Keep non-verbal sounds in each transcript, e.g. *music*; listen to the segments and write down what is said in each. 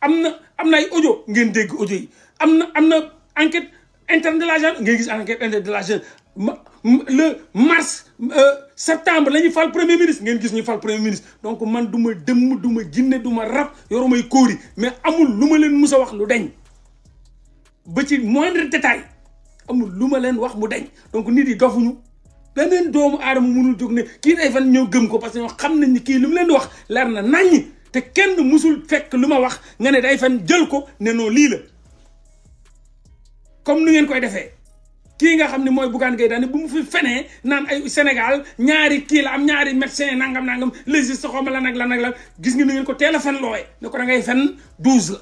am na am na ay audio ngeen dégg audio yi am na am na enquête interne de la gendarmerie ngeen gis enquête interne de la gendarmerie le mars euh, septembre la ñuy fal premier ministre ngeen gis ñu fal premier ministre donc man du ma dëmm du ma jinne du ma rab yorumay kóori mais amul lu ma leen mus wax lu deñ ba ci moindre détail amul lu ma leen wax mu deñ donc nit yi dofuñu beneen doomu aadama mënul jóg ne kii day fan ñoo gëm ko parce que ñoo xam nañ ni kii li mu leen di wax leer na naññi te kenn musul fekk lu ma wax nga ne day fen jël ko ne non lii la comme nu ngeen koy defee kii nga xam ne mooy Bougane Gueye Dany bu mu fi fenee naan ay Sénégal ñaari kii la am ñaari médecin nangam nangam légiste xawma la nag la nag la gis nga nu ngeen ko teel a fen looye ne ko dangay ngay fen douze la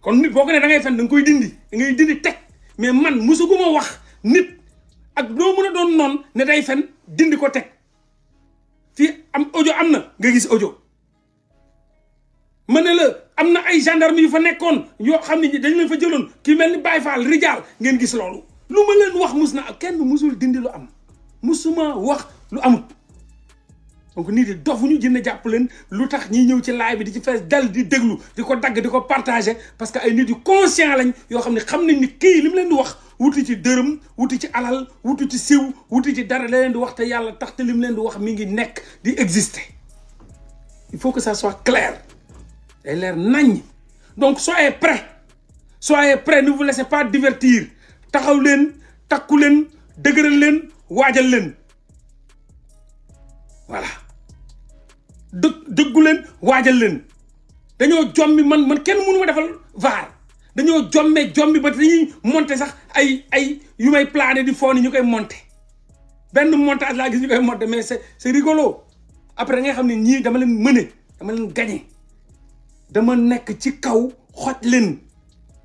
kon nit boo ko ne da ngay fen da nga koy dindi da ngay dindi teg mais man musuguma wax nit ak doo mën a doon noon ne day fen dindi ko teg fii am ojo am na nga gis ojo ma amna ay gendarme yu fa nekkoon yo xamni ne dañ leen fa jëlone ki melni Baye Fall rijaal ngeen gis lolu lu ma leen wax musna na kenn musul dindi lu am musuma wax lu amut donc ni di dofuñu jënd japp leen lutax ñi ñew ci live bi di ci fess dal di déglu diko dag diko partager parce que ay nit yu conscient lañ yo xamni xamnañ ni kii lim leen di wax wuti ci deureum wuti ci alal wuti ci siw wuti ci dara da leen di wax te yalla tax te li leen di wax mi ngi nekk di exister il faut que ça soit clair elle est nagne, donc soyez prêts soyez prêts ne vous laissez pas divertir taxaw leen degrelen, leen leen leen voilà dë dëggu leen waajal leen dañoo jommi man man kenn mënu ma defal var dañoo jommee jommi ba dañuy monter sax ay ay yu may plané di fon ñu koy monter ben montage la gis ñu koy monter mais c'est c'est rigolo après nga ngay xam dama leen mëne dama leen gagner dama nekk ci kaw xoj leen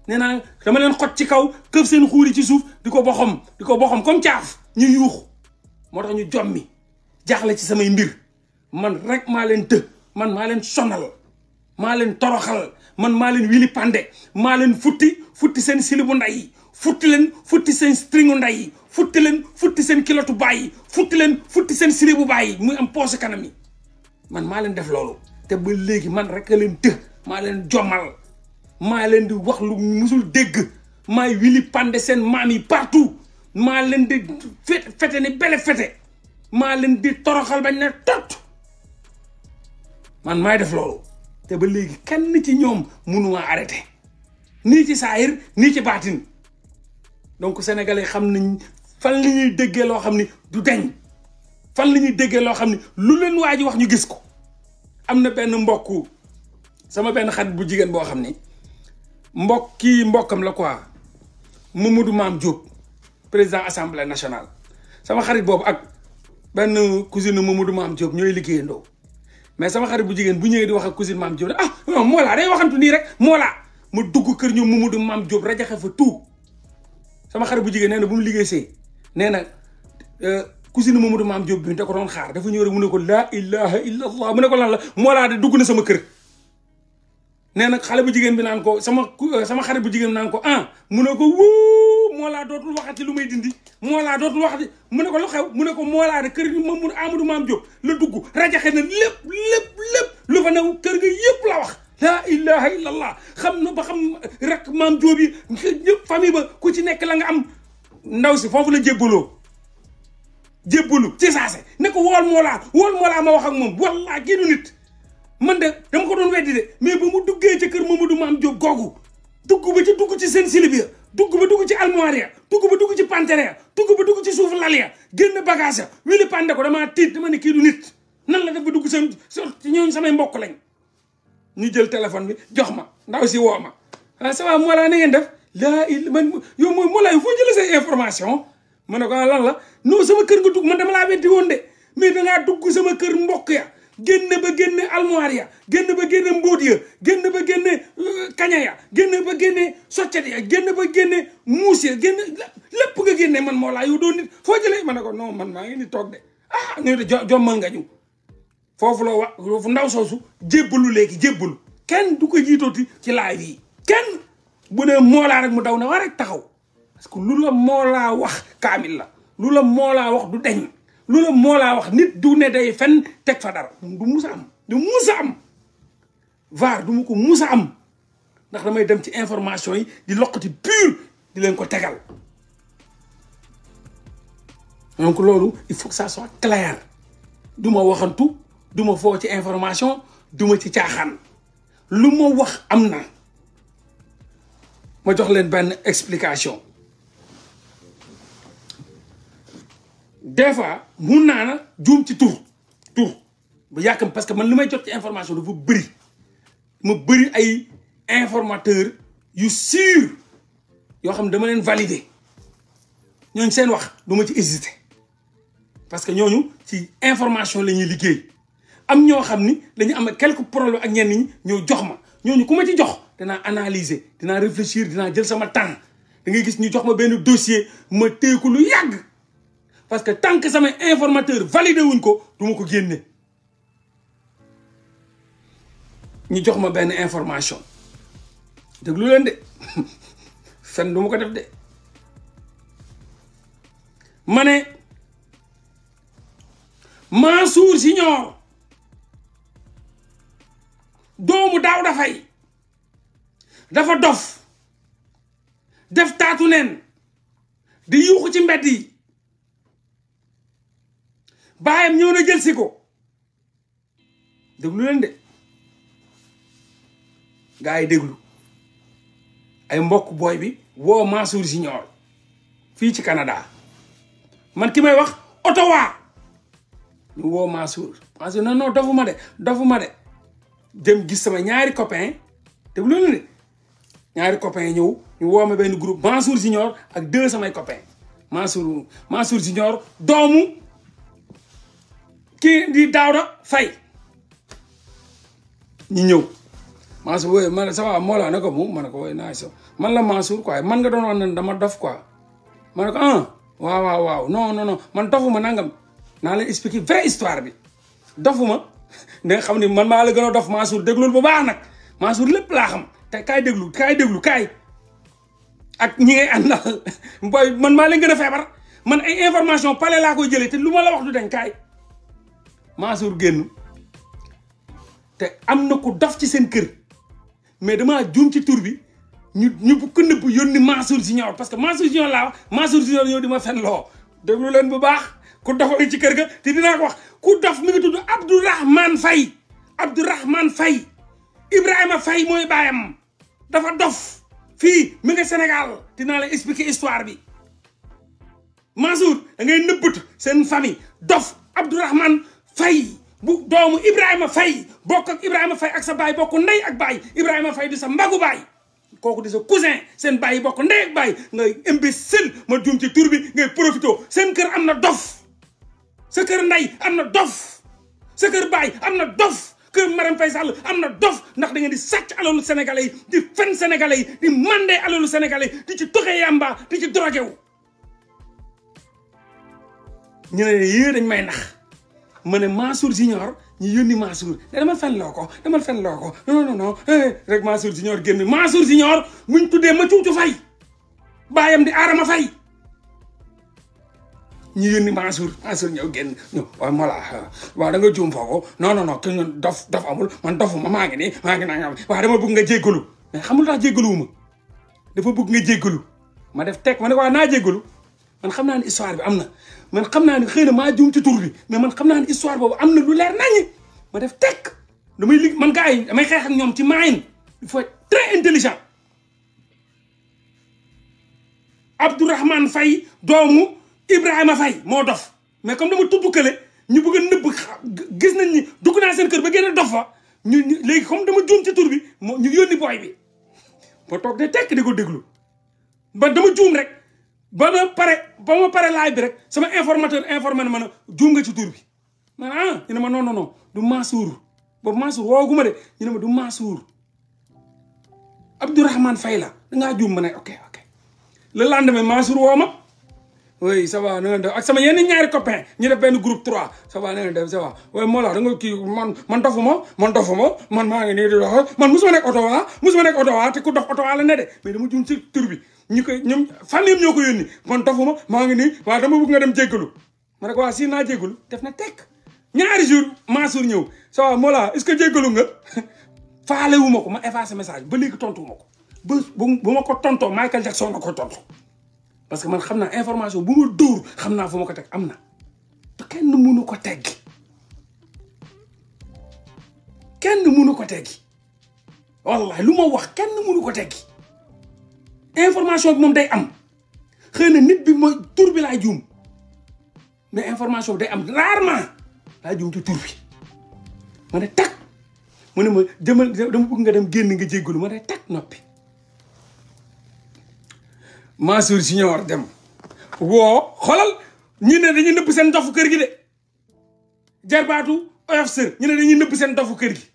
nee naa dama leen xoj ci kaw këf seen xuuri ci suuf di ko boxom di ko boxom comme caaf ñu yuux moo tax ñu jommi jaaxle ci samay mbir man rek maa leen të man maa leen sonal maa leen toroxal man maa leen wili pande maa leen futti futti seen silibu nday futti leen futti seen stringu nday yi futti leen futti seen kilotu baay yi futti leen futti seen silibu baay yi muy am poose kanam yi man maa leen def loolu te ba léegi man rek të maa leen jommal maa leen di wax lu musul dégg maay wili pande seen maam yi partout maa leen di fete fete ni bele fete maa leen di toroxal bañ ne tot man maay def loolu te ba léegi kenn ci ñoom mënumaa arrêté nii ci saayir nii ci baatin donc sénégalais xam nañ fan li ñuy déggee loo xam ni du deñ fan li ñuy déggee loo xam ni lu leen waa ji wax ñu gis ko am na benn mbokk sama benn xarit bu jigéen boo xam ni mbokk kii mbokkam la quoi Mamadou Mame Diop président assemblée national sama xarit boobu ak benn cousine Mamadou Mame Diop ñoo liggéeyandoo mais sama xarit bu jigéen bu ñëwee di wax ak ah, nii rek Mollah mu dugg kër ñu Mamadou Mame Diop rajaxe fa tout sama xarit bu jigéen nee bu mu liggéey see nee na euh, cousine Mamadou Mame Diop bi da ko doon xaar dafa ñëw rek mu ne ko laa ilaha illa dugg na sama kër nee xale bu jigen bi nan ko sama euh, sama xare bu jigen nan ko ah mu ne ko wuu moo laa dootul waxati lumay dindi mo la dotul waxati mu ko lu xew mu ko moo laa de gi Mamour Amadou mam Diop la dugg radja xena lepp lepp lepp lu fa new keur gi yep la wax la ilaha illallah xam na ba xam rek mam Diop yi famille ba ku ci nek la nga am ndaw si fofu la jébbaloo jébbalu ci saase ne ko wool moo laa wool moo ma wax ak mom wallahi gi nit man de dama ko doon weddi de mais bu mu duggé ci kër Mamadou mam Diop gogou dugg ba ci dugg ci sen silibia ya dugg ba dugg ci almoire ya dugg ba dugg ci pantere ya dugg ba dugg ci souf lal ya génn bagage ya wili pande ko dama tit dama ni ki du nit nan la def ba dugg ci ñoon samay mbokk lañ ñu jël téléphone bi jox ma ndaw ci wo ma sa ah, wa na ngeen def la il man yow mooy Mawla foo jël say information man ko ah, lan la no sama kër nga dugg man dama la wéddi won de mais nga dugg sama kër mbokk ya génn ba génne almoir ya génn ba génn mbóot ya génn ba génn euh, kaña ya génn ba génn soccet ya génn ba génn muus ya génn lépp nga génne man moo laa yow doon nit foo jëlee ma ne ko non man maa ngi ni toog de ah ñoo de jommal nga ñu foofu la wax foofu ndaw soosu lu léegi jébbalu kenn du ko jiitooti ci laay yi kenn bu ne moolaa rek mu daw ne waa rek taxaw parce que lu la moolaa wax kaamil la lu la moolaa wax du deñ lu la moo laa wax nit du ne day fen teg fa dara du musa am du musa am vaar du mu ko musa am ndax damay dem ci information yi di loqati pur di leen ko tegal donc loolu il faut que ça soit clair du ma waxantu du ma foo ci information du ma ci caaxaan lu ma wax am na ma jox leen benn explication des fois mun naa na juum ci tour. tour. bu yàkkam parce que man li may jot ci information dafa bëri ma bëri ay informateur yu sûr yoo xam ne dama leen valider ñooñu seen wax du ci hésiter parce que ñooñu ci information la ñuy liggéey am ñoo xamni dañu am quelques problèmes ak ñenn ñi ñoo jox ma ñooñu ku ma ci jox danaa analyser dina réfléchir dina jël sama temps da ngay gis ñu jox ma benn dossier ma téye ko lu yàgg. parce que tant que samay informateur validé wuñ ko du ma ko génne ñu jox ma benn information déglu leen de *laughs* fen du ma ko def de ma suur Mansour Junior doomu daaw dafay dafa dof def taatu neen di yuuxu ci mbedd yi baayam ñëw na jël si ko déglu leen de gaa yi déglu ay mbokk booy bi woo Mansour Junior fii ci Canada man ki may wax Ottawa ñu woo Mansour Mansour non non dofuma de dofuma de jëm gis sama ñaari copain déglu leen de ñaari copain ñëw ñu woo ma benn groupe Mansour Junior ak deux samay copain Mansour Mansour Junior doomu kii di Daouda fay ñu ñëw Mansour wooye man sa waa Mawla ne ko moom ma ne ko wooye naa man la Mansour quoi man nga doon dama dof quoi ma ne ko ah waaw waaw waaw non non man dofuma nangam naa la expliquer vraie histoire bi dofuma da *laughs* xam ne man maa la gën a dof Mansour déglul bu baax nag Mansour lépp laa xam te kaay déglu kaay déglu kaay ak ñi ngay mbooy *laughs* booy man maa leen gën a feebar man ay information pale laa koy jëlee te lu ma la wax du dañ Mansour génn te am na ku dof ci seen kër mais dama juum ci tur bi ñu ñu bu ko nëbb yónni Mansour Junior parce que Mansour Junior laa wax Mansour Junior yow di ma fen loo déglu leen bu baax ku dof a ngi ci kër ga te dinaa ko wax ku dof mi ngi tudd Abdourahman Faye Abdourahman Faye Ibrahima Faye mooy baayam dafa dof fii mi nga Sénégal dinaa la expliquer histoire bi Mansour da ngay nëbbut seen famille dof Abdourahman fay bu doomu Ibrahima fay bokk ak Ibrahima fay ak sa baay bokk ndey ak baay Ibrahima fay di sa mbagu baay kooku di sa cousin seen baay yi bokk ndey ak baay ngay imbécile ma juum ci tur bi ngay profito seen kër am na dof sa kër ndey am na dof sa kër baay am na dof kër Marème Faye Sall am na dof ndax da ngeen di sàcc alalu sénégalais yi di fen sénégalais yi di mandé alalu sénégalais di ci toxe yamba di ci drogué wu ñu ne yéen dañ may nax ma ne Mansour Junior ñu yónni Mansour ne demal fen loo ko demal fen loo ko non non non eh, rek Mansour Junior génn Mansour Junior tuddee ma cuucu fay baayam di aarama fay ñu yónni Mansour Mansour ñëw génn ñu waaw Mawla waaw da nga juum foofu non non non kii dof dof amul man dofuma maa ngi nii maa ngi naan waaw dama bëgg nga jéggalu mais xamul tax ma dafa bëgg nga jéggalu ma def tek ma ne waaw naa jéggalu man xam naa ne histoire bi am na man xam naa ne xëy na maa juum ci tur bi mais man xam naa ne histoire boobu am na lu leer naññi ma def tekk damay lig man gars yi damay xeex ak ñoom ci maayin il faut être très intelligent Abdourahmane Faye doomu Ibrahima Faye moo dof mais comme dama tudd kële ñu bëgg a nëbb gis nañ ni dugg naa seen kër ba gën a dof fa ñu léegi comme dama juum ci tur bi moo ñu yónni booy bi ba toog de tekk di ko déglu ba dama juum rek bama paré pare paré pare library bi rek sama informateur informé na ma djunga ci tour bi man ah ñu ne ma non non non du Mansour bo Mansour woguma de ñu ne ma du Mansour abdourahman fayla oke da ngaa juum ma ok ok le lendemain Mansour woma oui ça va non ak sama yenn ñaari copain ñu def ben groupe 3 ça va non nga def ça va oui moo la da nga ki man man dofuma man dofuma man ma ngi ni di dox man musuma nek auto wa ah, musuma nek auto wa ah, te ku dox auto wa ah, la ne de mais dama djum ci tour bi ñu koy ñoom fan yëpp ñoo ko yónni man dofuma maa ngi nii waaw dama bëgg nga dem jéggalu ma ne ko waa naa jéggalu def na tekk ñaari jour Mansour ñëw ça va Mollah ce que jéggalu nga wu ma ko ma effacé message ba léegi tontu wu ma ko ba bu ma ko tontoo Michael Jackson ma ko tontu parce que man xam naa information bu ma xam naa fu ma ko teg am na te kenn mënu ko teggi kenn mënu ko teggi wallahi lu ma wax kenn mënu ko teggi information bi moom day am xëy na nit bi mooy tur bi laa juum mais information bi day am rarement laa juum ci tur bi ma ne tag mu ne ma jëmal dama bëgg nga dem génn nga jéggalu ma ne tag noppi Mansour si ñoo war dem woo xolal ñu ne dañuy nëbb seen dofu kër gi de jarbaatu oyof sër ñu ne dañuy nëbb seen dofu kër gi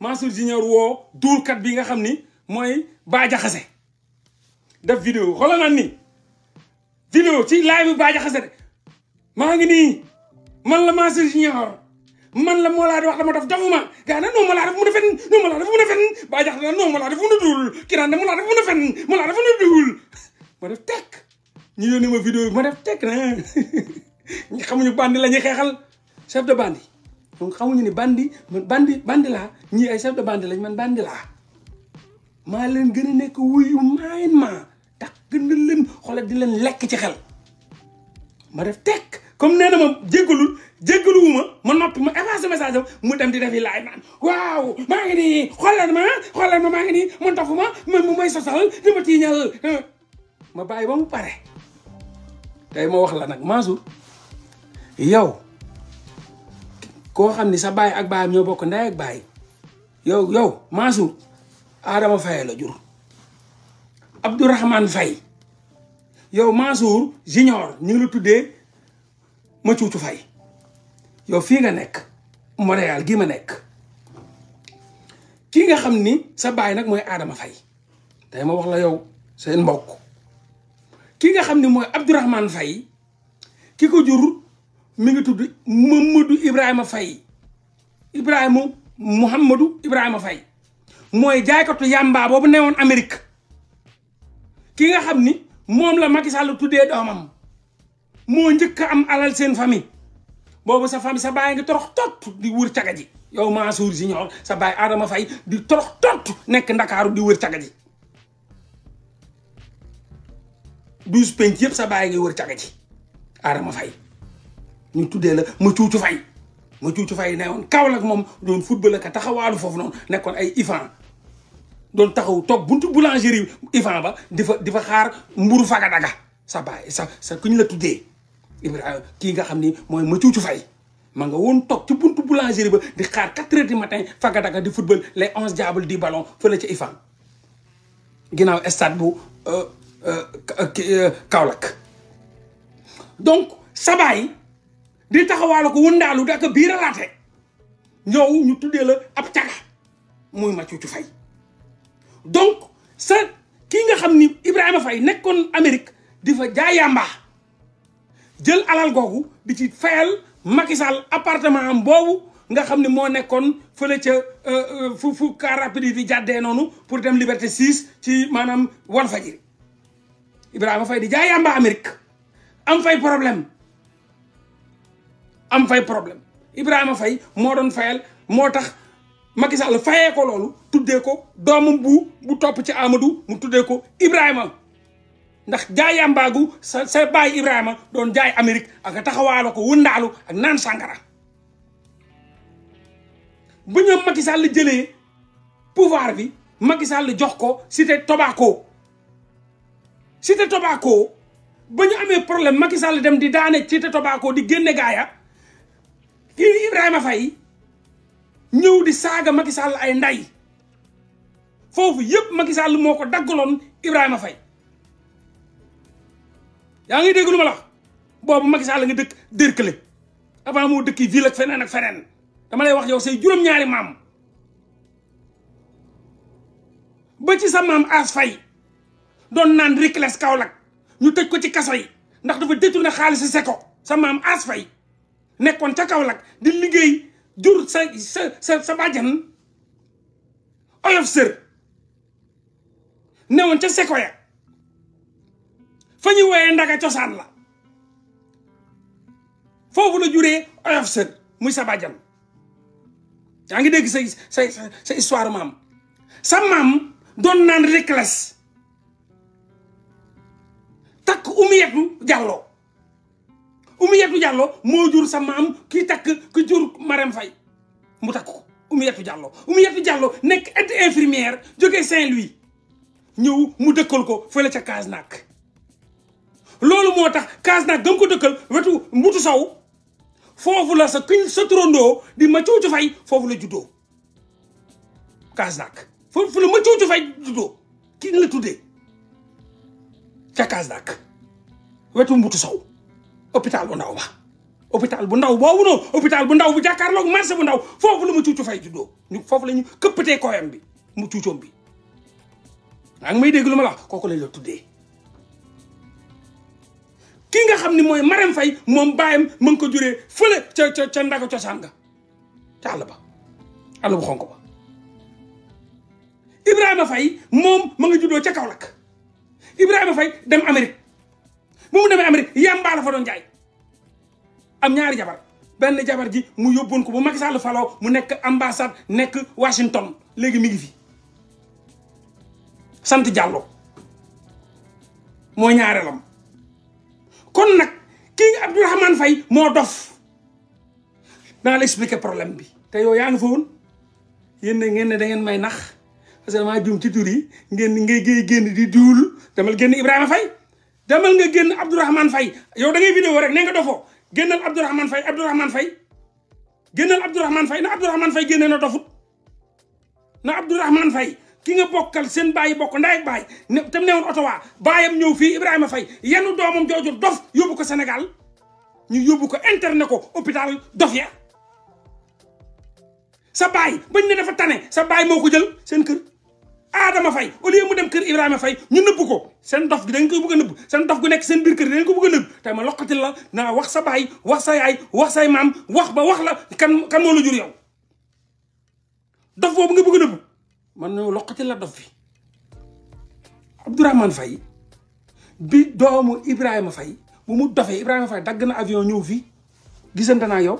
Mansour Junior woo duurkat bi nga xam ni mooy baa jaxase def video, xoolal na ni vidéo ci live ja xasse ma ngi ni man la ci ñor man la mo la wax dama dof damuma ga na no mo la def mu defen no mo la def mu defen ba ja xasse no mo la def mu dul duul na mo la def mu defen mo la def mu dul def tek ñu yoni ma vidéo def tek na *laughs* ñu xamuñu bandi lañu xexal chef de bandi donc xamuñu ni bandi bandi bandi la ñi ay chef de bandi lañ man bandi la ma leen gëna nek wuyu main dina leen di leen lekk ci xel ma def tekk comme nee na ma jéggalul jéggaluwu ma ma noppi ma mu dem di def yi laay naan waaw maa ngi nii xoolal ma xoolal ma maa ngi nii man taxu ma man mu may sosal di ma tiiñal ma bàyyi ba pare tey ma wax la nag Mansour yow koo xam ni sa baay ak baayam ñoo bokk ndey ak baay yow yow Mansour Adama Faye la jur Abdourahmane fay yow Mansour Junior ñu ngi la tuddee ma cuucu Faye yow fii nga nekk Montréal gii ma nekk kii nga xam ni sa baay nag mooy aadama fay tey ma wax la yow seen mbokk kii nga xam ni mooy Abdourahmane Faye ki ko jur mi ngi tudd Mamadou Ibrahima Faye Ibrahima Mouhamadou Ibrahima fay mooy jaaykatu yàmbaa boobu newoon amerik ki nga xam ni moom la Macky Sall dee doomam moo njëkk am alal seen famille boobu sa famille sa baay ngi torox tott di wër caga ji yow Mansour Junior sa baay Adama fay di torox tott nekk ndakaaru di wër caga ji douze penc yëpp sa baay ngi wër caga ji Adama fay ñu tuddee la ma cuucu fay ma cuucu fay ne woon Kaolack moom doon football ka taxawaalu foofu noonu nekkoon ay ifan don taxaw tok buntu boulangerie ivan ba di difa di xaar mburu fagadaga sa bay sa sa kuñ la tuddé ibrahim ki nga xamni moy mooy ma cuucu fay ma nga won tok ci buntu boulangerie ba di xaar 4 h du matin fagadaga di football les 11 diable di ballon fële ci ivan ginaaw stade bu sabai, euh, euh, euh, donc sa bay di taxawalako wundalu dak biira laté biiralaate ñu tuddé la ab tiaga moy ma fay donc sa kii nga xam ni Ibrahima Faye nekkoon Amérique di fa jaay yàmba jël alal googu di ci fayal Macky Sall appartement am boobu nga xam ne moo nekkoon fële ca euh, euh, fu fu car rapide di jàddee noonu pour dem Liberté 6 ci maanaam Walfadjri Ibrahima Faye di jaay yàmba Amérique am fay problème am fay problème Ibrahima fay moo doon fayal moo tax Macky Sall fayé ko lolou tuddé ko domum bu bu top ci Amadou mu tuddé ko Ibrahima ndax jaay yàmbaagu sa sa Ibrahima don jaay Amérique ak taxawaalo ko wëndaalu ak nan Sangara bu ñu Macky Sall jëlé pouvoir bi Macky Sall jox ko Cité Tobacco Cité Tobacco ñu problème Macky Sall dem di daané Cité Tobacco di génné gaaya Ibrahima Faye ñëw di saaga Macky Sall ay nday foofu yëpp Macky Sall moo ko daggaloon Ibrahima fay yaa ngi dégg lu ma la boobu Macky Sall nga dëkk dërkale avant moo dëkk ville ak feneen ak feneen dama lay wax yow say juróom-ñaari maam ba ci sa maam As Faye doon naan Ricles Kaolack ñu tëj ko ci kaso yi ndax dafa détourné xaalis si Seko sa maam As Faye nekkoon ca Kaolack di liggéey jur sa sa sa oyof sër newoon ca Sekoya fa ñuy woowee ndaga cosaan la foofu la jure oyof sër muy sa bàjjan yaa ngi dégg sa sa sa histoire maam sa maam doon naan réclas takk umiyatu Oumiatou Diallo moo jur sa maam ki takk ki jur Marème Faye mu takk ko Oumiatou Diallo Oumiatou Diallo nekk aide infirmière jógee Saint-Louis ñëw mu dëkkal ko fële ca Kasnack loolu moo tax Kasnack gën ko dëkkal wetu mbutu saw foofu la sa kiñ sa turandoo di ma coocu fay foofu la juddoo Kasnack foofu la ma coocu fay juddoo ki la tuddee ca Kasnack wetu mbutu saw hôpital bu ndaw ba hôpital bu ndaw boobu noonu hôpital bu ndaw bu jàkkaarloog marché bu ndaw foofu la mu cuucu fay juddoo ñu foofu la ñu këppatee kooyam bi mu cuucoom bi maa may dégg lu ma la wax kooku lañ la tuddee ki nga xam ne mooy Marème Faye moom baayam mu ngi ko juree fële ca ca ca cosaan nga ca àll ba àll bu xonk Ibrahima Faye ma nga juddoo ca Kaolack Ibrahima dem Amérique mu demé Amérique yàmbaa la fa do am ñaari jabar ben jabar ji mu yobon ko bu Macky Sall falo mu nek ambassade nek Washington légui mi ngi fi sante Diallo moo ñaareelam kon nak kii Abdourahmane Fay mo dof na la expliquer problème bi te yo yaa ngi fa won yene ngene da ngeen may nax parce que damaa juum ci tour yi ngeen ngay gey génn di demal Ibrahima Fay demal nga génn Abdourahmane fay yow da ngay vidéo rek ne nga dofoo génnal Abdourahmane Faye Abdourahmane Faye génnal Abdourahmane fay na Abdourahmane fay génne na dofut na Abdourahmane Faye ki nga bokkal seen bàyyi bokk ndaa baay ne tam newoon Ottawa baayam ñëw fii Ibrahima fay yenu doomam jooju dof yóbbu ko senegal ñu yóbbu ko interné ko hôpital dof ya sa baay bañ ne dafa tane sa baay moo ko jël seen kër Adama Faye au lieu mu dem kër Ibrahima Faye ñu nëbb ko seen dof gi dañ koy bëgg a nëbb seen dof gu nekk seen biir kër dañ ko bëgg a nëbb tey ma la naa wax sa baay wax sa wax say maam wax ba wax la kan kan moo jur yow dof boobu nga bëgg a nëbb man ñu la dof bi Abdourahmane Faye bi doomu Ibrahima fay bu mu dofee Ibrahima Faye dagg na avion ñëw fii gisante naa yow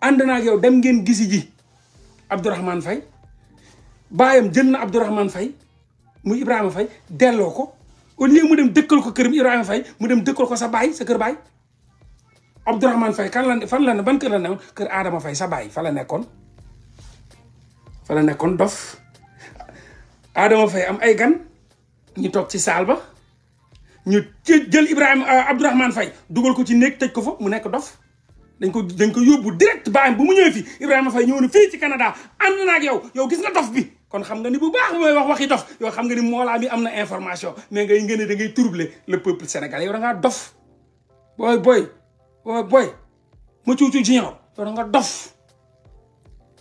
ànd naa yow dem ngeen gisi ji Abdourahmane fay baayam jël na Abdourahmane fay mu Ibrahima Faye delloo ko au lieu mu dem dëkkal ko këram Ibrahima Faye mu dem dëkkal ko sa baay sa kër baay Abdourahmane Faye kan la fan la ne ban kër la newoon kër Adama fay sa baay fa la nekkoon fa la nekkoon dof Adama Faye am ay gan ñu toog ci saal ba ñu jël Ibrahima euh, Abdourahmane fay dugal ko ci néeg tëj ko fa mu nekk dof dañ ko dañ ko yóbbu direct baayam bu mu ñëwee fii Ibrahima fay ñëw na fii ci Canada ànd na ak yow yow gis nga dof bi kon xam nga ni bu baax moy wax waxi dox yo xam nga ni mola bi amna information mais ngay ngeene da ngay troubler le peuple sénégalais yow da nga dof boy boy boy boy ma ciu junior yow da nga dof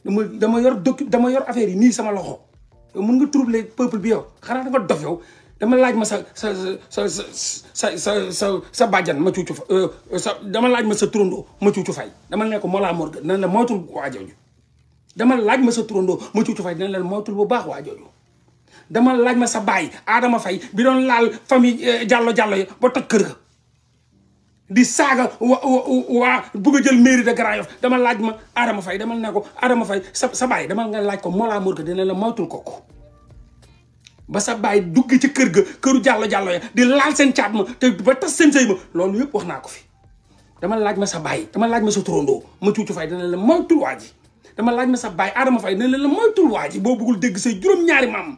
dama dama yor dama yor affaire yi sama loxo yow nga troubler peuple bi yow xana da nga dof yow dama laaj ma sa sa sa sa sa sa sa badjan ma ciu fa euh, dama laaj ma sa trondo ma ciu fay dama ne ko moolaa nan la motul wajjo dama laaj ma sa turandoo ma cuucu fay dina leen moytul bu baax waa jooju dama laaj ma sa baay Adama Fay bi doon laal famille jàllo eh, jàllo yi ba toj kër di saaga wa waa jël mairie de Grand Yoff dama laaj ma Fay dama ne ko Adama Fay sa sa dama nga laaj ko Mollah Morgun dina la moytul kooku ba sa baay dugg ci kër ga këru jàllo jàllo ya di laal seen caat ma te ba tas seen sëy ma loolu yëpp wax naa ko fi dama laaj ma sa baay dama laaj ma sa turandoo ma cuucu fay dana la moytul waa ji dama laaj ma sa baay Adama fay ne leen la moytul waa ji boo bëggul dégg say juróom-ñaari maam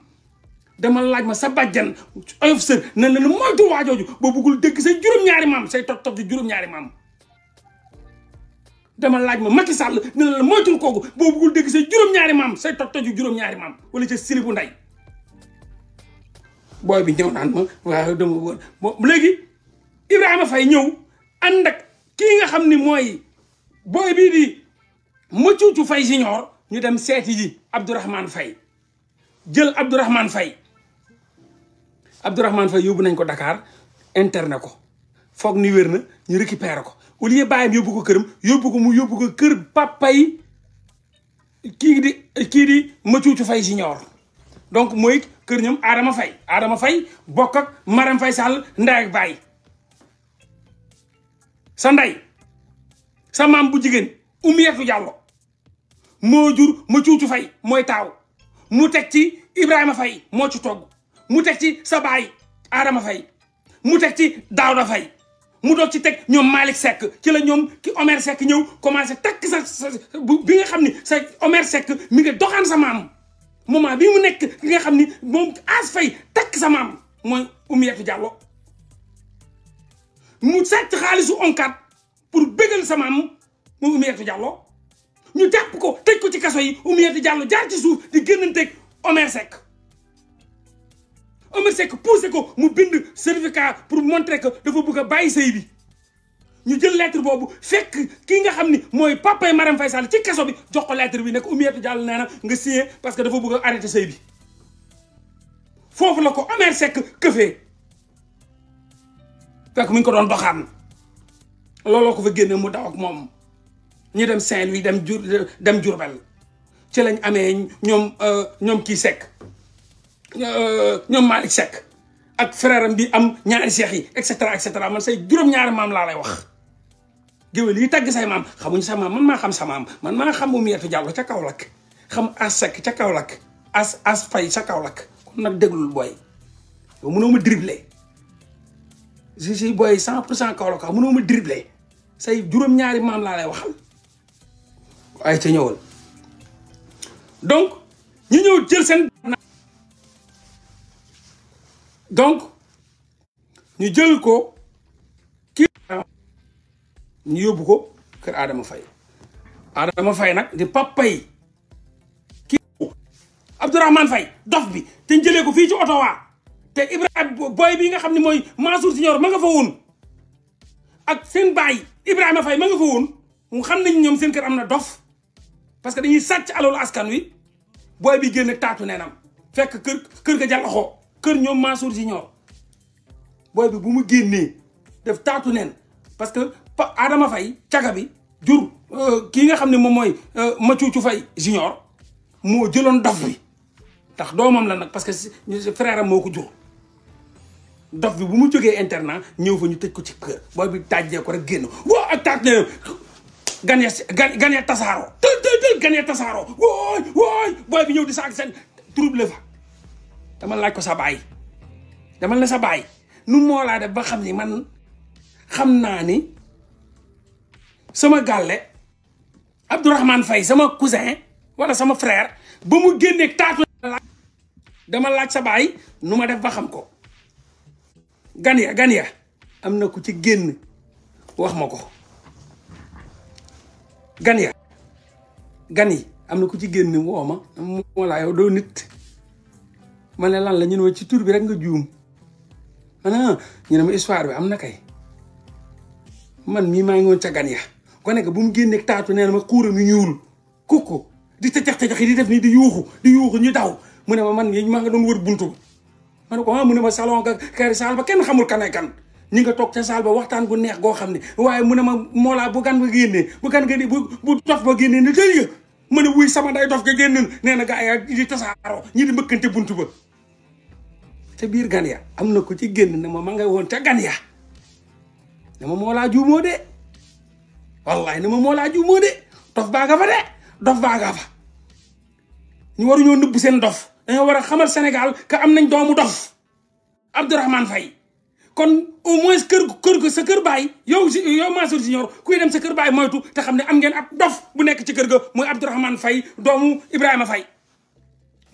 dama laaj ma sa bàjjan oyof sër la moytul waa jooju bëggul dégg say juróom-ñaari maam say tot tot juróom-ñaari laaj ma Macky Sall ne la moytul kooku boo bëggul dégg say juróom-ñaari maam say tot tot juróom-ñaari maam wala ca sili bu nday booy bi ñëw naan ma dama woon moom léegi Ibrahima Faye ñëw ànd ak kii nga xam ni mooy booy bii di ma cuucu fay junior ñu dem seeti ji Abdourahmane fay jël Abdourahmane Faye Abdourahmane Faye yóbbu nañ ko dakaar interne ko foog ni wér na ñu récupéré ko au lieu bàyyam yóbbu ko këram yóbbu ko mu yóbbu kër papa yi kii di kii di Mathieu Faye donc mooy kër ñoom Adama Faye Adama fay bokk ak Marème Faye Sall ndey ak baay sa ndey sa maam bu jigéen Oumiatou Diallo moo jur ma cuucu fay mooy taaw mu teg ci Ibrahima fay moo ci togg mu teg ci sa baay Adama fay mu teg ci Daawda fay mu doog ci teg ñoom Malick sekk ci la ñoom ki Omer Seck ñëw commencé takk sa sa bi nga xam ni sa Omer Seck mi nga doxaan sa maam moment bi mu nekk ki nga xam ni moom aas fay takk sa maam mooy Oumiatou Diallo mu sàcc xaalisu onkat pour bégal sa maam mooy Oumiatou Diallo ñu jàpp ko tëj ko ci kaso yi Oumy di Diallo jaar ci suuf di gënanteeg Omer Seck Omer Seck poussé ko mu bind certificat pour montrer que dafa bëgg a bàyyi sëy bi ñu jël lettre boobu fekk kii nga xam ni mooy papay Marème Faye Sall ci kaso bi jox ko lettre bi nekk Oumy di Diallo nee na nga signé parce que dafa bëgg a arrêté sëy bi foofu la ko Omer Seck këfee fekk mu ngi ko doon doxaan looloo ko fa génne mu daw ak moom. ñu dem Saint-Louis dem jur dem Diourbel ci lañ amee ñom euh, ñoom kii Seck euh, ñom malik sec ak frère bi am ñaari cheikh yi et cetera et cetera man say juróom-ñaari mam la lay wax. géwél yi tagg say mam xamuñ sa mam man ma xam sa mam man ma xam bu mietu Diallo ca kaolak xam As sec ca kaolak As As fay ca kaolak kon nag déglul booy yow mënoo ma dribbler si si booy cent pour cent dribbler say juróom-ñaari mam la lay waxal. ay ca ñëwal donc ñu ñëw jël seen donc ñu jël ko kii ñu yóbbu ko kër Adama Faye Adama Faye nag di papay kii Abdourahmane Faye dof bi te ñu ko fii ci Ottawa te Ibrahima boy bi nga xam ne mooy Mansour Signor ma nga fa woon ak seen baay Ibrahima Faye ma nga fa woon mu xam nañ ñoom seen kër am dof parce que dañuy sàcc alalu askan wi booy bi génn taatu neenam fekk kër kër ga jàllaxoo kër ñoom Mansour si ñor booy bi bu mu génnee def taatu neen parce que pa Adama Faye caga bi jur euh, kii nga xam ne moom mooy euh, Mathieu Faye junior moo jëloon dof bi ndax doomam la nag parce que frère am moo ko jur dof bi bu mu jógee internat ñëw fa ñu tëj ko ci kër booy bi tàjjee ko rek génn woo ak taat ne gane gane tasaaroo tël tël tël gane tasaaroo wooy wooy booy bi ñëw di saag seen trouble fa dama laaj ko sa baay dama ne sa baay nu laa def ba xam ni man xam naa ni sama gàlle Abdourahmane Faye sama cousin wala sama frère ba mu génneeg taatu dama laaj sa baay nu ma def ba xam ko gan ya gan ya am na ku ci génn wax ma ko gan ya am na ku ci génn woo moo laa yow doo nit ma ne lan la ñu ne ci tur bi rek nga juum man ah, ñu ne ma histoire bi am na kay man mii maa ngi woon ca gania ya ko bu mu génneeg taatu nee na ma xuuram yu ñuul kukku di tëjax tëjax yi di def nii di yuuxu di yuuxu ñu daw mu ne ma man yi maa nga doon wër buntu ma ne ko ah mu ne ma salon ga kër saal ba kenn xamul kanay ñi nga tok ci salle ba waxtan gu neex go xamni waye bukan mu ne ma mola bu gan bu génnee bu gan ga bu bu ba génnee ni tëy mu ne wuy sama day dof ga génn neena na gaa di tassaro ñi di mbëkkante buntu ba te bir gan ya jumode. ko ci génn ne ma ma nga won te gan ya ne ma moolaa juumoo de wallahi ne ma moolaa juumoo de tof ba ga fa de dof ba ga fa ñu sen dof xamal senegal ka am nañ doomu dof abdurrahman Faye kon au moins kër kër ga sa kër baay yow yow Mansour Junior kuy dem sa kër baay moytu te xam ne am ngeen ab dof bu nekk ci kër ga muy Abdourahmane fay doomu Ibrahima fay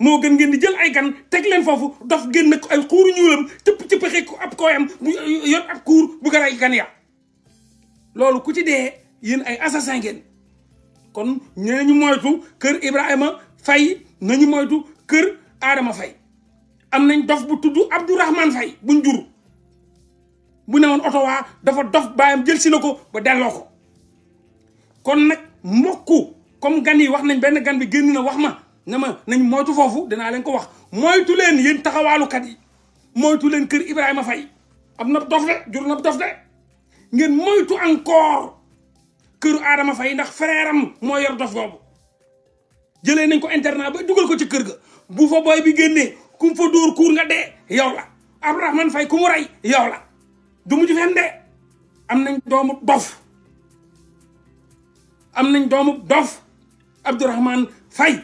moo gën ngeen di jël ay gan teg leen foofu dof génn ay xuuru ñuulam tëpp ci pexe ab kooyam bu yor ab kuur bu gën ay gan ya loolu ku ci dee yéen ay assassin ngeen kon ñee ñu moytu kër Ibrahima fay nañu moytu kër Adama fay am nañ dof bu tudd Abdourahmane fay buñ jur bu ne woon Ottawa dafa dof baayam jël si na ko ba delloo ko kon nag mbokku comme gan yi wax nañ benn gan bi génn na wax ma ne ma nañ moytu foofu dinaa leen ko wax moytu leen yéen taxawaalukat yi moytu leen kër Ibrahima fay am na dof de jur na dof de ngeen moytu encore kër Adama Faye ndax frère am moo yor dof boobu jëlee nañ ko internat ba dugal ko ci kër ga bu fa booy bi génnee ku fa dóor kuur nga de yow la Abdourahmane fay ku mu rey yow la du mujj fenn de am nañ doomu dof am nañ doomu dof Abdourahmane Faye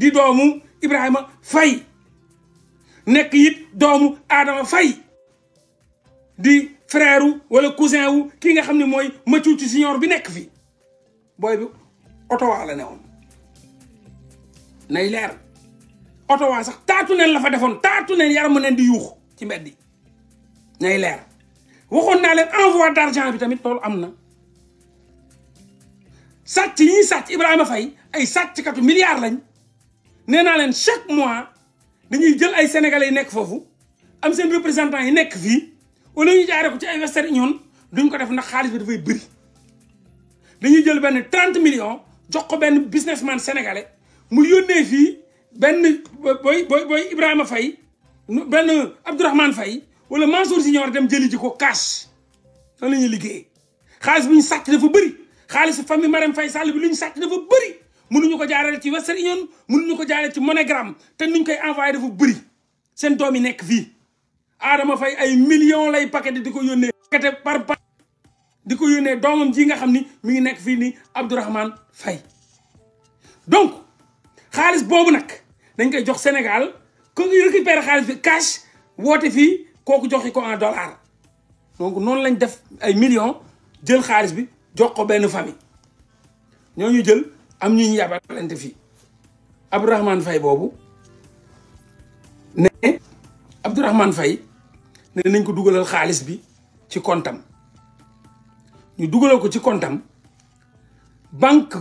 di doomu Ibrahima fay nekk it doomu Adama fay di frère wu wala cousin wu ki nga xam ne mooy Mathieu ci senior bi nekk fi booy bi Ottawa la ne woon nay leer Ottawa sax taatu neen la fa defoon taatu neen yaramu neen di yuux ci mbedd yi nay leer waxoon naa leen envoi d'argent bi tamit tool am na sàcc yi sàcc Ibrahima fay ay sàcckatu milliards lañ nee naa leen chaque mois dañuy jël ay sénégalais yi nekk foofu am seen représentants yi nekk fii wala ñu jaaree ko ci ay Western Union duñ ko def ndax xaalis bi dafay bëri dañuy jël benn 30 million jox ko benn man sénégalais mu yónnee fii benn booy booy booy Ibrahima Faye benn Abdourahmane fay wala Mansour si ñor dem jëli ji ko cash fan la ñuy liggéey xaalis bu ñu sàcc dafa bëri xaalis famille Marème fay Sall bi lu ñu sàcc dafa bëri mënuñu ko jaarale ci Western Union mënuñu ko jaarale ci MoneyGram te nuñ koy envoyé dafa bëri seen doom yi nekk fii Adama fay ay million lay paquet di ko yónnee paquet par par di ko yónnee doomam ji nga xam ni mu ngi nekk fii ni Abdourahmane fay donc xaalis boobu nag dañ koy jox Sénégal ko récupérer xaalis bi cash woote fii kooku joxe ko en dollar donc noonu lañ def ay million jël xaalis bi jox ko benn famille ñooñu jël am ñu ñu yabalante fii Abdourahmane Faye boobu ne Abdourahmane fay ne nañ ko dugalal xaalis bi ci kontam ñu dugalal ko ci kontam banque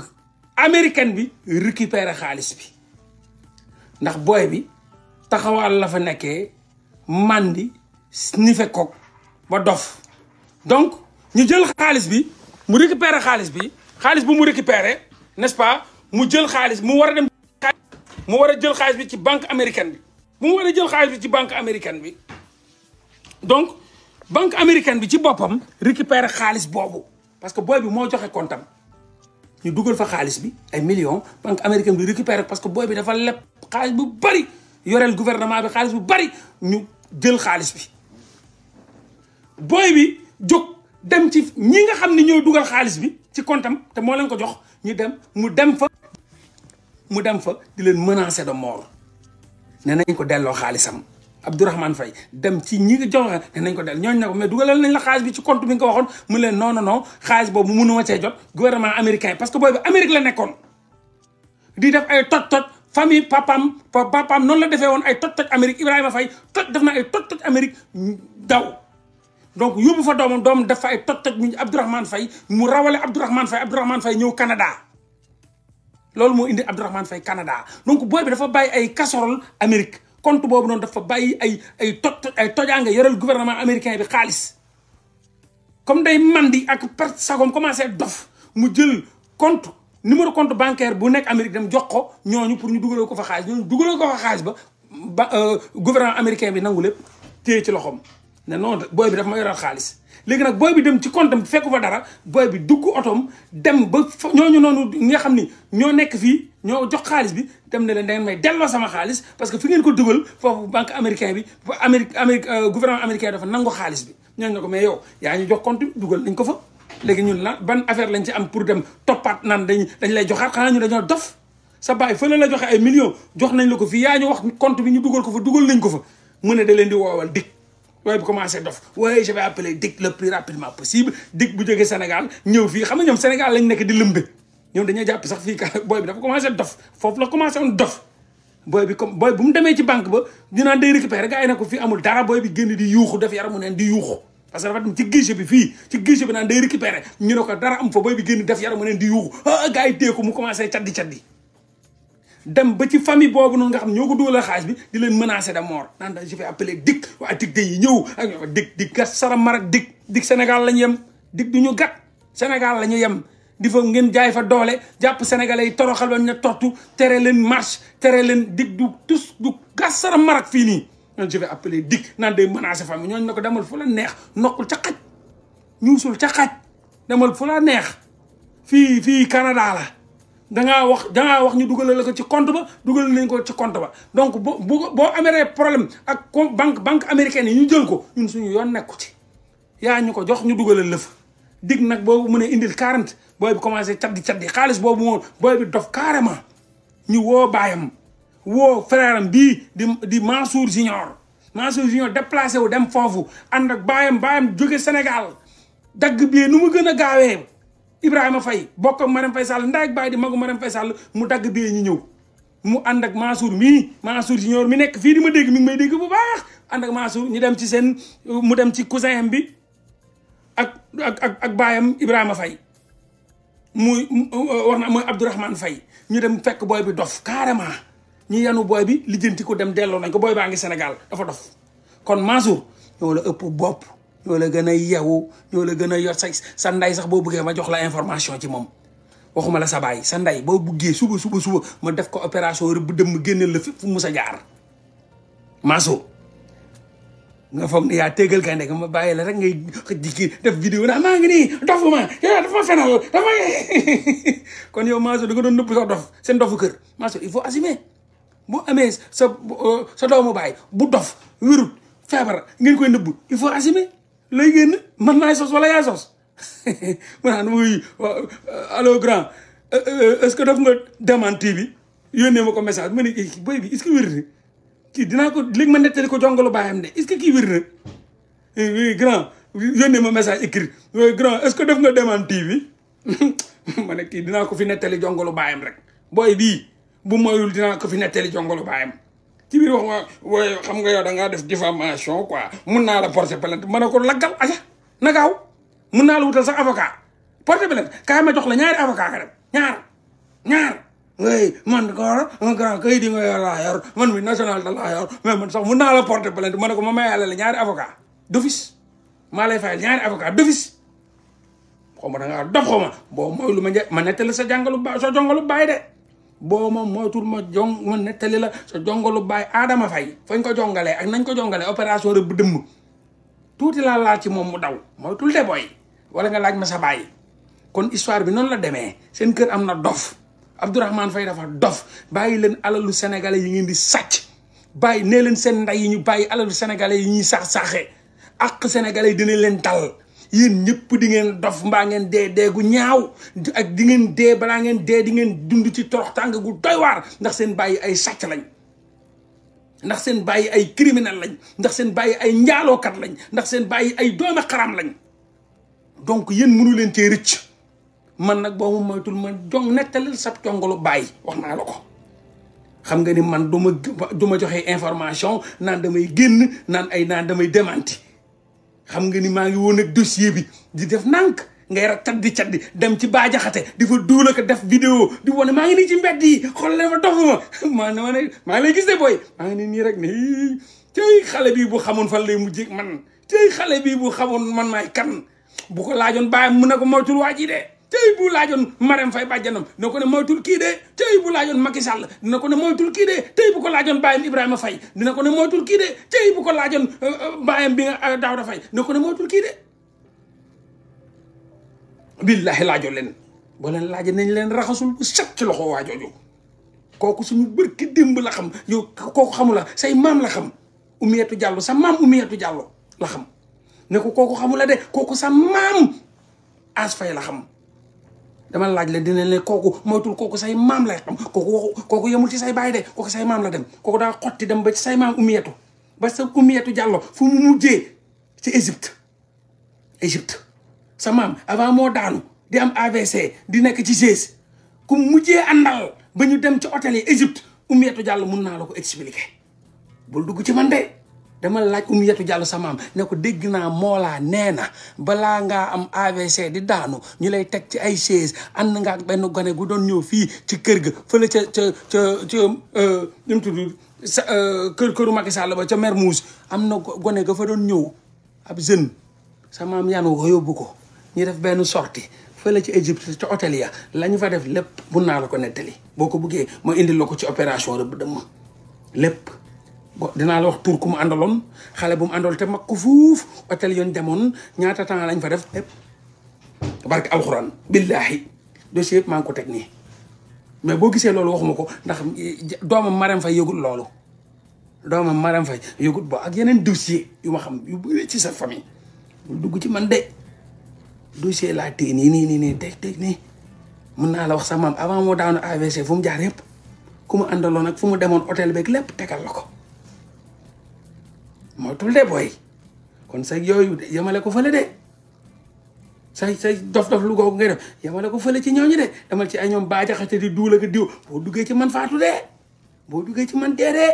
américaine bi récupérer xaalis bi ndax booy bi taxawal la fa nekkee màndi sniffe ko ba dof donc ñu jël xaalis bi mu récupérer xaalis bi xaalis bu mu récupérer n'est-ce pas mu jël xaalis mu war a dem mu war a jël xaalis bi ci banque américaine bi mu war a jël xaalis bi ci banque américaine bi donc banque américaine bi ci boppam récupérer xaalis boobu parce que booy bi moo joxe kontam ñu dugal fa xaalis bi ay millions banque américaine bi récupérer parce que booy bi dafa leb xaalis bu bari yoreel gouvernement bi xaalis bu bari ñu jël xaalis bi booy bi jóg dem ci ñi nga xam ni ñoo dugal xaalis bi ci kontam te moo leen ko jox ñu dem mu dem fa mu dem fa di leen menacer de mort ne nañ ko delloo xaalisam Abdourahmane Faye dem ci ñi nga joxe ne nañ ko delloo ñooñu ne ko mais dugalal la xaalis bi ci compte bi nga waxoon mu leen non non non xaalis boobu mënuma cee jot gouvernement américain parce que booy bi Amérique la nekkoon di def ay toj-toj famille papam papam noonu la defee woon ay toj-toj Amérique Ibrahima Faye toj def na ay toj-toj daw donc yóbbu fa doomam doomam def fa ay toj-toj mu Abdourahmane Faye mu rawale Abdourahmane Faye Abdourahmane Faye ñëw Canada loolu moo indi Abdourahmane Faye Canada donc booy bi dafa bàyyi ay casserole Amérique compte boobu noonu dafa bàyyi ay ay toj ay tojaange yoral gouvernement américain bi xaalis comme day mandi ak perte sagom commencé dof mu jël contre numéro compte banquer bu nekk Amérique dem jox ko ñooñu pour ñu dugalee ko fa xaalis ñooñu dugalee ko fa xaalis ba ba euh, gouvernement américain bi nangu lépp téye ci loxoom. ne non booy bi daf ma yoral xaalis léegi nag booy bi dem ci compte am fekku fa dara booy bi dugg otoom dem ba ñoo ñu noonu ñi nga xam ni ñoo nekk fii ñoo jox xaalis bi dem ne leen da ngeen may delloo sama que fi ngeen ko dugal foofu banque américain bi Amérique Amérique euh, gouvernement américain dafa nangu xaalis bi ñooñu ne ko mais yow yaa ñu jox compte dugal nañ ko fa léegi ñun lan ban affaire lañ ci am pour dem toppaat naan dañ dañ lay joxaat xanaa ñu dañoo dof sa baay fële la joxe ay millions jox nañ la ko fii yaa ñu wax compte bi ñu dugal ko fa dugal nañ ko fa mu ne da leen di woowal dikk waaye bu commencé dof waaye je vais appeler DIC le plus rapidement possible DIC bu jógee Sénégal ñëw fii xam nga Sénégal lañ nekk di lëmbe ñoom dañoo jàpp sax fii ka *laughs* booy bi dafa commencé dof foofu la commencé woon dof booy bi comme booy bu mu ba ñu naan day ko fii amul dara booy bi génn di yuuxu def yaramu neen di yuuxu parce que dafa dem ci guichet bi fii ci guichet bi naan day récupérer ñu ne ko dara am fa booy bi génn def yaramu neen di yuuxu ah gars yi téye ko mu commencé caddi caddi dem ba ci famille bobu non nga xam ñoko ko dóolee bi di leen menacer de mort nan da je vais appeler dik wa dik de ñew ak dik dik gas sara marak dik, dik senegal lañu yem dik duñu gat senegal lañu yem di fa ngeen jaay fa doole japp sénégalais toroxal won ne tortu téré leen marche téré leen dik du tus du gas sara marak fii nii je vais appeler dik nan day menacer famille ñoo ne demal fu la neex nokul ca xaj sul ca xaj demal fu la neex fi fi Canada la dangaa wax dangaa wax ñu dugalal la ko ci compte ba dugalal nañ ko ci compte ba donc boo boo amee problème ak banque banque américaine yi ñu jël ko ñun suñu yoon nekku ci yaa ñu ko jox ñu dugalal la fa dig nag boo mën indil indil 40 booy bi commencé caddi caddi xaalis boobu moo booy bi dof carrément ñu woo baayam woo frère am bii di di Mansour Junior Mansour Junior déplacé wu dem foofu ànd ak baayam baayam jóge Sénégal dagg bi nu mu gën a gaawee Ibrahima fay bokk ak Marème Faye Sall ndaay ak baay di magu Marème Faye Sall mu dagg bee ñu ñëw mu ànd ak Mansour mii Mansour junior mi nekk fii di ma dégg mi ngi may dégg bu baax ànd ak Mansour ñu dem ci seen mu dem ci cousin bi baayam Ibrahima Faye muy euh, wax na mooy Abdourahmane Faye ñu dem fekk booy bi dof carrément ñu yanu booy bi lijjanti ko dem delloo nañ ko booy baa ngi Sénégal dafa dof kon Mansour ñoo la ëpp bopp ñoo la gëna a iya, ñoo la gëna a iya. yor sa sa ndey sax bo bëggee ma jox la information ci mom waxuma la sa bay sa nday bo bëggee suba suba suba ma def ko opération rebb dem génneel la fépp fu mu jaar maso nga fam ni ya tégal gaynde ma bàyyi la rek ngay def vidéo na ma ngi ni dofuma ya dafa fenal dafa *laughs* kon yow maso da nga doon nëbb sa dof sen dofu kër maso il faut assumer bu amé sa sa doomu bay bu dof wirut feebar ngeen koy neub il faut assumer looy génn man naay sos wala yaay sos ma naan wuy allo grand euh, est-ce que daf nga démenti bi yónnee ma ko message ma ne eh, boy bi est-ce kii dinaa ko léegi ma nettali ko jongalu baayam ne est-ce que kii wér na eh, grand yónnee ma message écrit grand es ce que daf nga démenti bi *laughs* ma ne kii dinaa ko fi nettali jongalu baayam rek booy bii bu moyul dinaa ko fi nettali jongalu baayam ci bir wax wa xam nga yow da nga def diffamation quoi mën na la porter plainte ma ne ko laggal aca na gaw mën na la wutal sax avocat porter plainte ka ma jox la ñaari avocat ka dem ñaar ñaar wey man góor grand kay di nga yor la yor man mi national da la yor mais man sax mën na la porter plainte mané ko ma mayale la ñaari avocat d'office ma lay fay ñaari avocat d'office xoma da nga dox xaw ma lu ma ma sa jangalu ba sa jangalu bàyyi de boo ma moytul ma jong ma nettali la sa jongalu baay Adama Faye fañ ko jongalee ak nañ ko jongalee opération rëbb dëmm tuuti laa laal ci moom mu daw moytul de booy wala nga laaj ma sa bàyyi kon histoire bi noonu la demee seen kër am na dof Abdourahmane Faye dafa dof bàyyi leen alalu sénégalais yi ngeen di sàcc bàyyi nee leen seen ndey yi ñu bàyyi alalu sénégalais yi ñuy sax-saxe ak sénégalais yi dina leen dal yéen ñëpp di ngeen dof mbaa ngeen dee dee gu ñaaw ak di ngeen dee balaa ngeen dee di ngeen dund ci torox tàng gu doy waar ndax seen bàyyi ay sàcc lañ ndax seen bàyyi ay criminel lañ ndax seen bàyyi ay njaalookat lañ ndax seen bàyyi ay doomi xaram lañ donc yéen mënu leen cee rëcc man nag boobu moytul ma jong nettalil sab congolu bàyyi wax naa la ko xam nga ni man du ma du ma joxe information naan damay génn naan ay naan damay démenti xam nga ni maa ngi woon ak dossier bi di def nànk ngay ra caddi caddi dem ci baajaxate di fa duula ko def vidéo di wane maa ngi nii ci mbedd yi xool fa ma doxuma *laughs* maa ne ma maa ngi lay gis ne booy maa ngi ne nii rek ne tey xale bii bu xamoon fan lay mujjee man tey xale bii bu xamoon man maay kan bu ko laajoon bàyyi mu ne ko moytul waa ji de tey bu laajoon Marème fay bàjjanam na ko ne moytul kii de tey bu laajoon Macky Sall dina ko ne moytul kii de tey bu ko laajoon bàyyam Ibrahima Faye dina ko ne moytul kii de bu ko laajoon euh, euh, bi nga euh, Daouda Faye dina ko ne moytul kii billahi laajoo leen boo leen laajee nañ leen raxasul bu ci loxo waa jooju kooku suñu bërki démb la xam kooku xamula say maam la xam Oumiatou Diallo sa maam Oumiatou Diallo la xam ne ko kooku xamula de kooku sa maam As Faye la dama laaj la dina ne kooku moytul kooku say maam lay xam kooku waxu kooku yemul ci say baay de kooku say maam la dem kooku daa xotti dem ba ci say maam umiyatu ba sa umiyatu jàllo fu mu mujjee ci Égypte Égypte sa maam avant moo daanu di am AVC di nekk ci GIE ku mujjee àndal ba ñu dem ci hôtel yi Égypte umiyatu jàllo mun naa la ko expliquer bul dugg ci man de dama laaj um yettu jàll sa maam ne ko dégg naa moolaa nee na balaa ngaa am AVC di daanu ñu lay teg ci ay chaise ànd nga ak benn gone gu doon ñëw fii ci kër ga fële ca ca ca ca nu mu tudd sa kër këru Macky Sall ba ca Mermoz am na gone ga fa doon ñëw ab jeune sa maam yanu ko yóbbu ko ñu def benn sortie fële ci Égypte ci hôtel ya la ñu fa def lépp mun naa la ko nettali boo ko buggee ma indil la ko ci opération rëbb dëmm lépp dinaa la wax tur ku mu àndaloon xale bu mu àndal te mag ko fuuf hôtel yoon demoon ñaata temps lañ fa def lépp barke alxuraan billaahi dossier yëpp maa ngi ko teg nii mais boo gisee loolu waxuma ko ndax doomam Marème Faye yëgul loolu doomam Marème Faye yëgul bo ak yeneen dossier yu ma xam yu bëri ci sa famille dugg ci man de dossier laa téye nii nii nii nii teg teg nii mën naa la wax sa maam avant moo daanu AVC fu mu jaar yëpp ku mu àndaloon ak fu mu demoon hôtel beeg lépp tegal la ko moytul de booy kon say yooyu de yemale ko fële de say say dof-dof lu googu ngay def yemale ko fële ci ñooñu de demal ci ay ñoom baajaxate di a ko diw boo duggee ci man faatu de boo duggee ci man dee de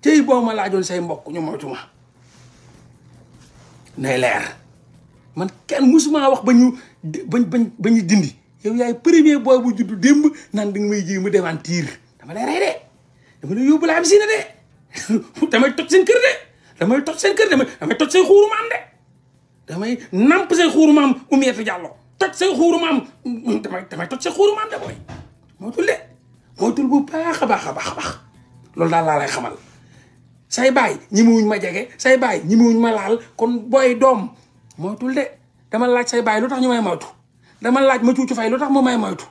tey boo ma laajoon say mbokk ñu moytu ma man kenn musuma wax ba bañ ba dindi yow yaay premier bu juddu démb naan di nga may jéem a devantiir dama lay rey de dama lay yóbbu laa am si de *laughs* damay toj seen de damay toj seen kër damay damay toj seen xuuru maam de damay namp seen xuuru maam Oumiatou Diallo toj seen xuuru maam damay damay toj de booy moytul bu baax a baax a baax a loolu daal laa lay xamal say baay ñi muwuñ ma jege say baay ñi muwuñ ma laal kon booy doom moytul de dama laaj say baay lu tax ñu may moytu dama laaj ma cuucu fay lu tax moo may moytu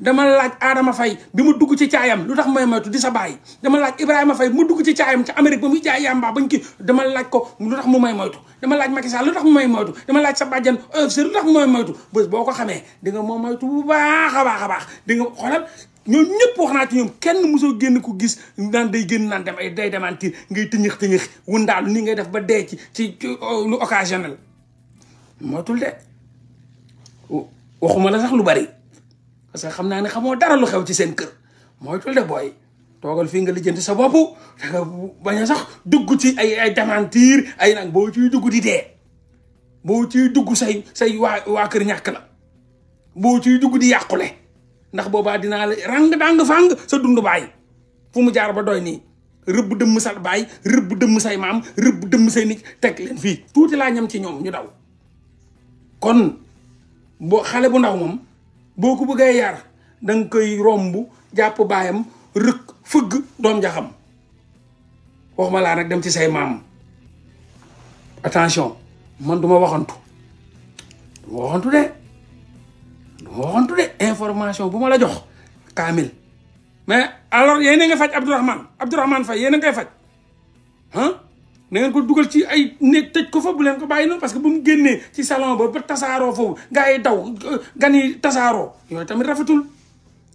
dama laaj Adama fay bi mu dugg ci caayam lu tax may moytu di sa baay dama laaj Ibrahima Faye mu dugg ci caayam ca Amérique ba muy jaay yàmbaa bañ ki dama laaj ko lu tax mu may moytu dama laaj Macky Sall lu tax mu may moytu dama laaj sa bàjjan officier lu tax mu may moytu boo ko xamee di nga moo bu baax baax a baax di nga xoolal ñëpp wax naa ci ñoom kenn mosoo génn ko gis naan day génn naan dem ay day demantir ngay tëñëx tëñëx wundaalu ni ngay def ba dee ci ci euh, lu occasionnel moytul de waxuma lu bari parce que xam naa ne xamoo dara lu xew ci seen kër mooy tul de booy toogal fii nga lijjanti sa bopp da bañ a sax dugg ci ay ay ay nag boo ciy dugg di dee boo ciy dugg say say waa waa kër ñàkk na boo ciy dugg di yàqule ndax boobaa dinaa la rang dang fang sa dund bàyyi fu mu jaar ba doy nii rëbb dëmm sa baay rëbb dëmm say maam rëbb dëmm say nit teg leen fii tuuti laa ñam ci ñoom ñu daw kon boo xale bu ndaw moom Buku ko bëggee yar dang nga koy romb dom jaham. rëkk malah doom jaxam waxuma mam. nak dem ci say mam attention man duma waxantu waxantu de deh. waxantu de information buma la jox kamil mais alors yene nga faj abdourahman abdourahman Faye yene nga hein na ngeen ko duggal ci ay nek tej ko fa bu len ko bàyyi non parce que bu mu genné ci salon ba par tasaro fo gars daw euh, gani tasaro tasaaroo tamit rafatul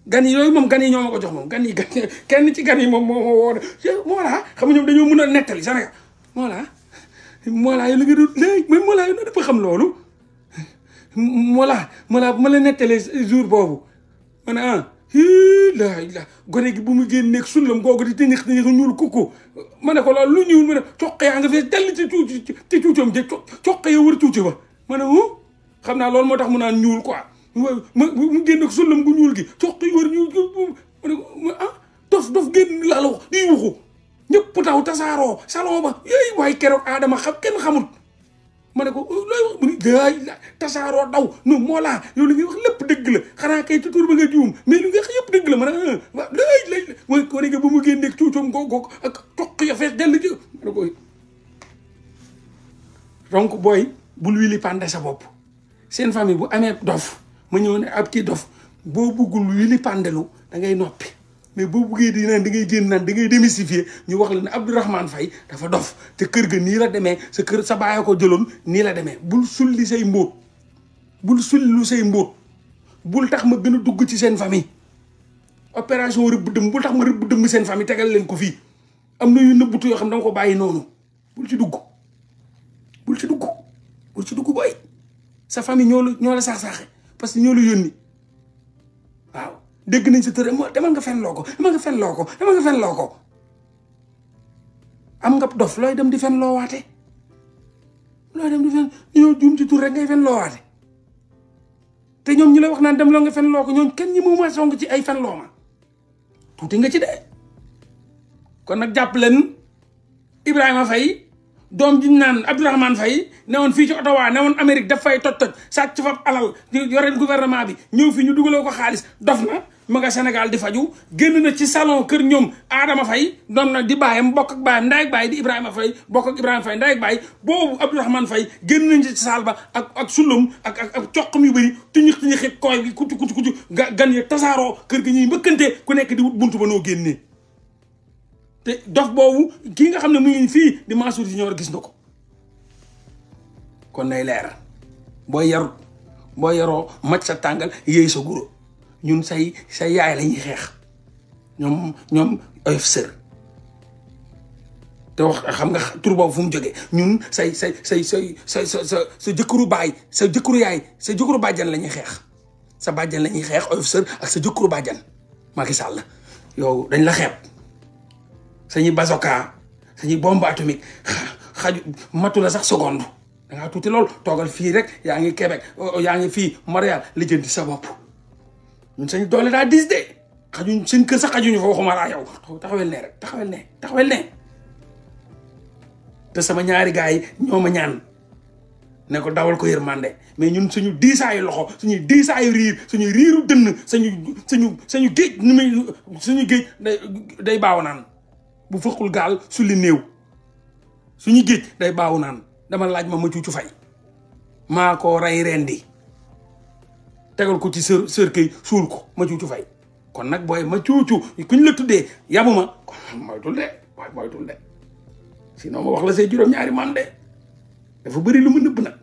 gani yoy mom gani gan ñoo ko jox mom gani kenn ci gani mom mo moo ma woon xam nga ñoom dañoo mën a nettali Sénégal voilà voilà yow la nga doon léegi mais voilà yow na dafa xam loolu voilà voilà bu ma la nettalee jour bobu ma ah laa la gone gi bu mu génn nekk sullam googu di tinix tinix ñuul kukku ma ne ko laa lu ñuul mu ne coq yaa nga fees dell ci tuuti ci tuutiam je coq ya wër tuuti ba ma ne xam naa loolu moo tax mu naan ñuul quoi mu génn ak sullam gu ñuul gi coq yi wër ñuul ma ne ko ah dof dof génn laa la di yuuxu ñëpp taw tasaaroo salon ba yéy waaye keroog aadama xam kenn xamul ma ne ko oh, looy wax muni gay gaay tasaaroo daw nu mola yow li ngi wax lepp deug la xana kay ci tur ba nga djoum mais li nga wax yëpp deug la ma ne lay lay mooy ko ne bu mu génneeg cuucam googoog ak tok ya fess del ci ma ne ko donc booy bul pande sa bop sen famille bu amé dof ma ñew ne ab ki dof boo buggul wili pandelu da ngay noppi mais boo buggee di naan da ngay génn naan da ngay démystifier ñu wax la ne Abdourahmane fay dafa dof te kër gi nii la demee sa kër sa baay ko jëloon nii la demee bul sulli say mbóot bul sulli say mbóot bul tax ma gën a dugg ci seen famille opération rëbb dëmm bul tax ma rëbb dëmm seen famille tegal leen ko fii am na yu nëbbutu yoo xam danga ko bàyyi noonu bul ci dugg bul ci dugg bul ci dugg booy sa famille ñoo la ñoo la saax saaxe parce que ñoo la yónni dégg nañ sa tër demal nga fen loo ko demal nga fen loo ko nga fen loo am nga dof looy dem di fen loowaate looy dem di fen yow juum ngay fen loowaate te ñoom ñu lay wax naan dem loo nga fen loo ko ñoom kenn ñi mooma song ci ay fen loo ma tuuti nga ci de kon nag jàpp leen Ibrahima fay doom ji naan Abdourahmane Faye newoon fii ci ne woon Amérique daf fay toj-toj sàcc fa alal yoreen gouvernement bi ñëw fi ñu dugaloo ko xaalis dof na ma nga Sénégal di faju génn na ci salon kër ñoom Adama fay doom na di baayam bokk ak baayam ndaay ak baay di Ibrahima Faye bokk ak Ibrahima Faye ndaay ak baay boobu Abdourahmane Faye génn nañ ci saal ba ak ak sullum ak ak ak coqam yu bëri tuñux tuñuxi kooy gi gan ya tasaaroo kër gi ñuy mbëkkante ku nekk di wut buntu ba noo génnee te dof boobu kii nga xam ne mu ngi fii di Mansour Junior gis na ko kon nay leer boo yarut booy yaroo maj sa tàngal yéey sa guro ñun say say yaay la xeex ñoom ñoom oyof sër te wax xam nga tur boobu fu mu jógee ñun say say say sa sa sa jëkkëru baay sa jëkkëru yaay sa jëkkëru bàjjan la ñuy xeex sa bàjjan la ñuy xeex oyof sër ak sa jëkkëru bàjjan Macky Sall yow dañ la xeeb sañuy bazooka sañuy bombe atomique xaj matu la sax seconde da ngaa tuuti lool toogal fii rek yaa ngi Québec yaa ngi fii Montréal lijjanti sa bopp ñun sañu doole daa dis de xajuñ seen kër sax xajuñu fa waxuma laa yow taxawel ne rek taxawel ne taxawel ne te sama ñaari gars yi ñoo ma ñaan ne ko dawal ko yërmande mais ñun suñu diisaayu loxo suñuy diisaayu riir suñu riiru dënn suñu suñu suñu géej nu muy suñu géej day baaw naan bu fëqul gaal su li néew suñu géej day baaw naan dama laaj ma ma cuucu fay maa ko rey rendi tegal ko ci sër sër kay suul ko ma cuucu fay kon nag booy ma cuucu kuñ la tuddee yabuma kon moytul de waaye moytul de sinon ma wax la say juróom-ñaari maam de dafa bëri lu ma nëbb na